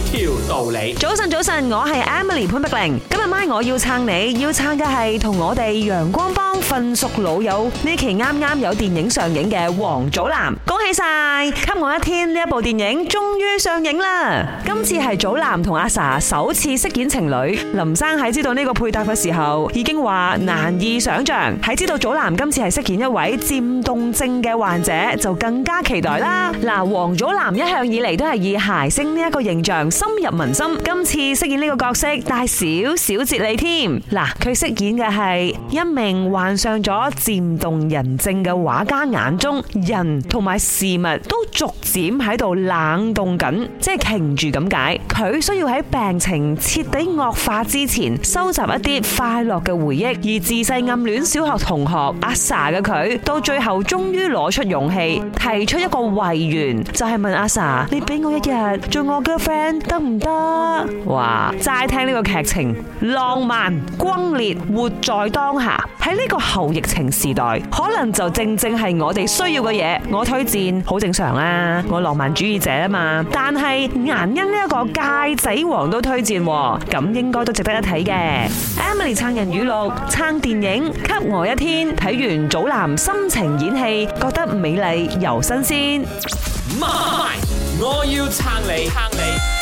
條道理，早晨早晨，我係 Emily 潘碧玲，今日晚我要撐你，要撐嘅係同我哋陽光幫份熟老友，呢期啱啱有電影上映嘅王祖藍，恭喜晒，給我一天呢一部電影終於上映啦，今次係祖藍同阿 Sa 首次飾演情侶，林生喺知道呢個配搭嘅時候已經話難以想象，喺知道祖藍今次係飾演一位漸凍症嘅患者就更加期待啦，嗱，王祖藍一向以嚟都係以諧星呢一個形象。.深入民心。今次飾演呢個角色，帶少少哲理添。嗱，佢飾演嘅係一名患上咗漸凍人症嘅畫家，眼中人同埋事物都逐漸喺度冷凍緊，即係停住咁解。佢需要喺病情徹底惡化之前，收集一啲快樂嘅回憶。而自細暗戀小學同學阿 sa 嘅佢，到最後終於攞出勇氣，提出一個遺願，就係、是、問阿 sa：你俾我一日做我嘅 friend？得唔得？哇！齋聽呢個劇情，浪漫、轟烈、活在當下。喺呢個後疫情時代，可能就正正係我哋需要嘅嘢。我推薦，好正常啊，我浪漫主義者啊嘛但是。但係顏欣呢一個戒仔王都推薦，咁應該都值得一睇嘅 em。Emily 撐人語錄，撐電影，給我一天，睇完祖藍，深情演戲，覺得美麗又新鮮。我要撐你，撐你。